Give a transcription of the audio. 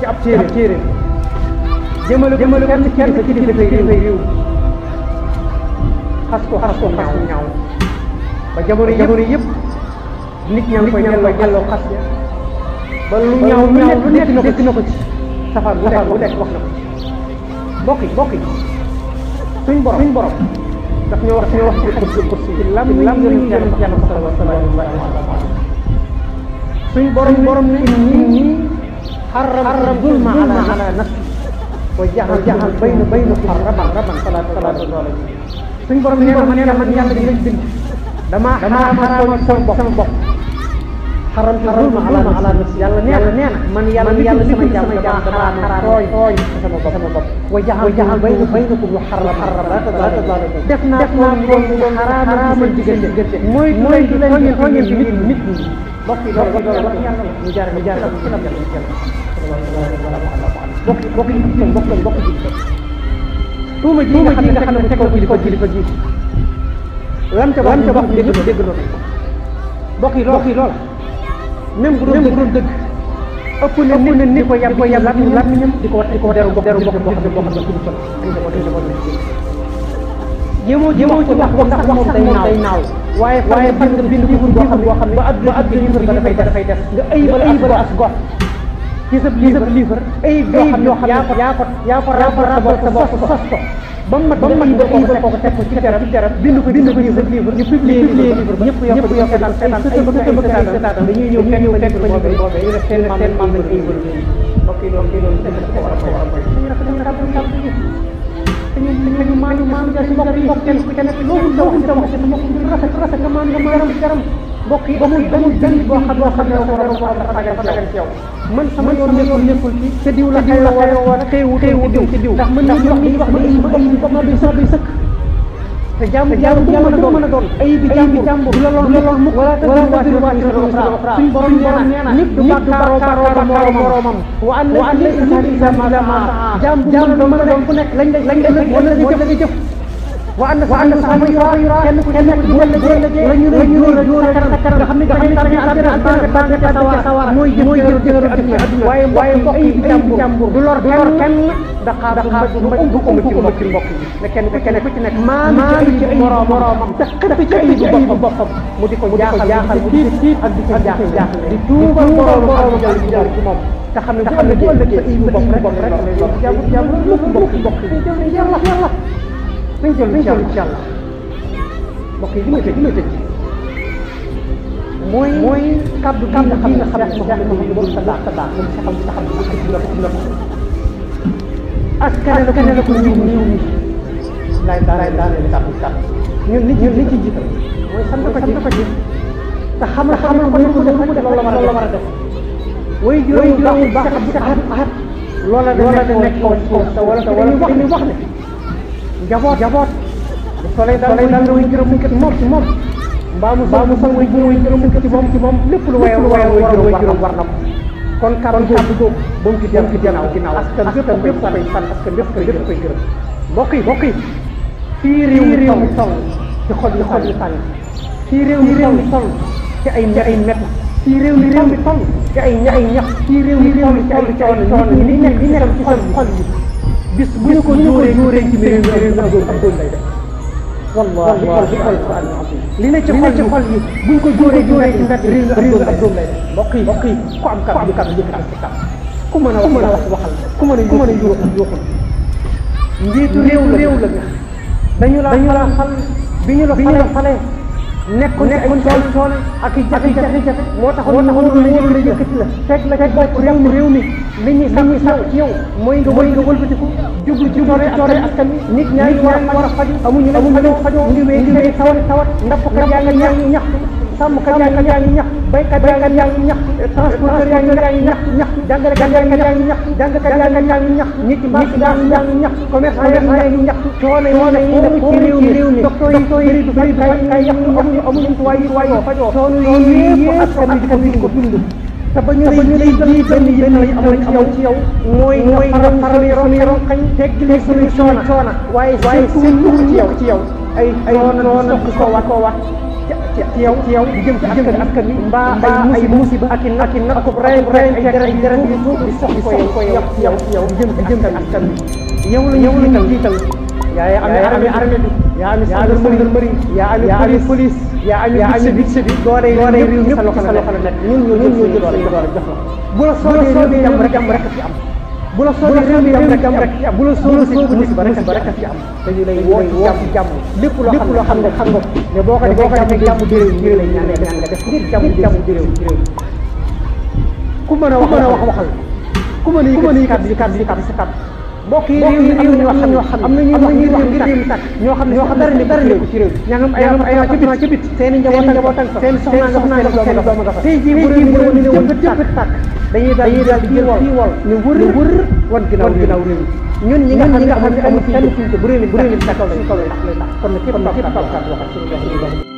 ci ab téere jëmale jëmale kenn kenn ci kilifa yi réew xas ko xas ko xas ñaaw ba jamono jamono yëpp nit ñaa ngi koy delloo delloo xas ba lu ñaaw ñaaw lu nekk nekk na ko ci safar bu nekk bu nekk wax na ko mbokk yi mbokk yi suñ borom suñ borom daf ñoo wax ñoo wax ci kursi ci lam lam ñu yàlla sallallahu alayhi wa sallam suñ borom borom ne ñii حرم الظلم على نفسه وجعل جعل بين بين حرما رما صلاة صلاة الظالمين suñ borom nee na ma nee na man yàlla dinañ bind damaa xaraamal sama bopp sama bopp xaram ci zulma ala ala nafsi yàlla nee na nee na man yàlla yàlla sama jàmm damaa xaraamal tooy tooy sama bopp sama bopp wa jaxal jaxal bay na bay na ko lu xaram xaram la ta la def naa def naa ko lu xaraamal xaraamal diggante mooy mooy du leen tooñee nit nit bokk yi loolu loolu loolu jaar ñu jaar ñu lañ bokk ji ji nga xam ne teg na ko kilifa kilifa ji lam ca lam ca wax dégg dégg loolu bokk yi lool bokk yi lool même bu doon même bu dëgg ëpp na ëpp na ko yab ko yab ñam di ko di ko deru bokk deru bokk bokk bokk bokk yéemoo ci wax ko ndax wax sax moom day naaw waaye waaye fan nga bind livre boo xam ne ba at ba at li livre ba dafay dafay def nga ayibal ayibal as gox ci sa livre ayib yoo xam ne yaa ko yaa ko raafaral sa bopp sos ko ba mu mat ba mu mat ayibal ko ko teg ko ci terab ci terab bind ko bind ko ci sa livre ñu publier livre ñëpp yokk yokk seetaan seetaan ay sëtëm ak seetaan dañuy ñëw ñëw fekk fa livre boobee ñu def seen seen membre livre mbokk yi loolu loolu ko war a ko war a dañu dañu maanu maanu des mbokk yi kenn kenn loolu da wax da wax mbokk yi rafet rafet nga maan nga yaram yaram mbokk yi amul amul benn boo xam boo xam ne war a war a ragal ci yow man sama yoon nekkul nekkul ci te diw la xëy wala xëywu xëywu diw ci diw ndax mën nañu wax li ñu wax ma bi sa bi sëkk te jàmbur jàmbur jàmbur mën a doon ayib bi jàmbur du la lool mukk wala tëdduwaat suñu borom nee na nit du kaaroo kaaroo moroomam wa an la ilaha illa ma jàmbur mën a doon ku nekk lañ lañ def wala la jëf wa ànd wa ànd sax muy faa kenn ku nekk bu ëllëgee la ñu lay jural jural sa kanam nga xam ne nga xam ne tamit àddina ba nga ca sawar mooy jëm mooy jëm jëru àddina waaye waaye mbokk yi jàmbur du lor kenn daqaar daqaar du ma du ëmb ci mbokk mbokk yi ne kenn ku kenn ku ci nekk maam ci ay moroomam daq ci ay bu boppam mu di ko jaaxal jaaxal mu di tiit ak di ko jaaxal jaaxal di tuubal boroomam ak jàll ci jàll ci moom te xam ne bu ëllëgee sa ay bu bopp rek bopp rek lay lor jàmbur jàmbur mbokk mbokk yi dañ jël incha allah incha allah mbokk yi li ma tëj li ma tëj mooy mooy kàddu kàddu xam nga xam ne xam ne moom sa baax sa baax moom sa xam sa xam ak ci la ko ci la ko askan la ko la ko ñëw ñëw laay daa laay daa leen kàddu kàddu ñun nit ñun nit ci jiital mooy sant ko ci sant ko ci te xam la xam la ko ko def loolu la war a def war a def way juróom baax baax bi tax at loola da nekk kaw kaw wala wala wax ne njaboot njaboot soleil daal soleil daal way gërëm kët moom ci moom mbaa mu mbaa mu sax way ci moom ci moom lépp lu wayal wayal way gërëm way gërëm war na ko kon kàddu kàddu googu ba mu ci dem ci ginnaaw ginnaaw askan bépp koy sant askan bépp koy bépp koy gërëm mbokk yi mbokk yi fii réew mi réew mi sol ci xol yi xol yi tàng fii réew mi réew mi sol ci ay ay mett fii réew réew mi sol ci ay ay ñax fii réew mi réew mi ci ay coono coono yi nekk ci bis bu ñu ko dóoree ci mbir mi ak góor lay def. wallaahi li ne ci xol ci xol yi bu ñu ko dóoree dóoree ci mbir mi lay def. mbokk yi mbokk am kàddu kàddu yëpp kàddu ci kàddu. a wax waxal ku mën a ku mën a yuuxul yuuxul. njiitu réew la réew la dañu la xal bi ñu la xalee. nekkul nekkul tool ak i jafe-jafe moo taxoon moo taxoon lu wóor la yëkkati la teg la ci bopp réew mi réew mi li ñuy li ñuy sàq ci yow mooy nga mooy nga wëlbatiku jublu ci doore doore askan wi nit ñaa ngi war a a faju amuñu amuñu fajoo ngi wéy ngi wéy tawat tawat ndax ñax ñaxtu sàmmkat yaa ngi yaa ngi ñax baykat yaa ngi ñax transporteur yaa ngi ñax ñax jàngalekat yaa ngi ñax jàngalekat yaa ngi ñax nit ñi yaa ngi ñax commerçant yaa ngi ñax coono yi nekk ci réew mi docteur yi bëri du bëri ay ñax amuñu amuñu tuwaay yi fajoo fajoo coono yi yëpp askan bi dafa ko dund te ba ñu lay lay benn yi benn yi amoon ci yow ci yow mooy mooy nga faral yoon yoon kañ tekki leen suñu coono coono waaye waaye surtout ci yow ci yow ay ay noonu noonu ko wat ko wat ci yow ci yow di jëm ci askan askan bi mbaa ay musiba ak i nag ak i nag akub rey rey ay deret yu suuf di sox ko yow ci yow ci yow di jëm di jëm ci askan bi yow la yow la jiital yaa amee armée armée bi yaa amee gendarmerie yaa amee police yaa amee budget bi doole yi doole yi sa loxo la nekk ñun ñoo jël suñu doole jox la bu la soobee rek am rek am rek fi am bu la soobee réew mi jàmm rek am am lépp loo xam ne xam nga xam nga ne boo ko defee jàmm ji réew mi lay ñaan nga def ngir jàmm ji réew mi ku mën a wax a wax waxal ku mën a yëkkati kàddu yi si kàddu mbokk yi réew mi am na ñoo xam ne am na ñuy wax ngir réew mi tàkk ñoo xam ne dara ne dara nekku ci réew ñaa ngam ay ay appartement ci bit seen njaboot ak seen soxna nga fa seen doom nga fa tey jii bu réew mi woon ne woon jëpp tàkk dañuy daal di jël fii wol ñu wër wër wan ginnaaw ginnaaw réew ñun ñi nga xam ne amul kenn bu réew mi bu réew mi tàkk kon na képp topp waxat suñu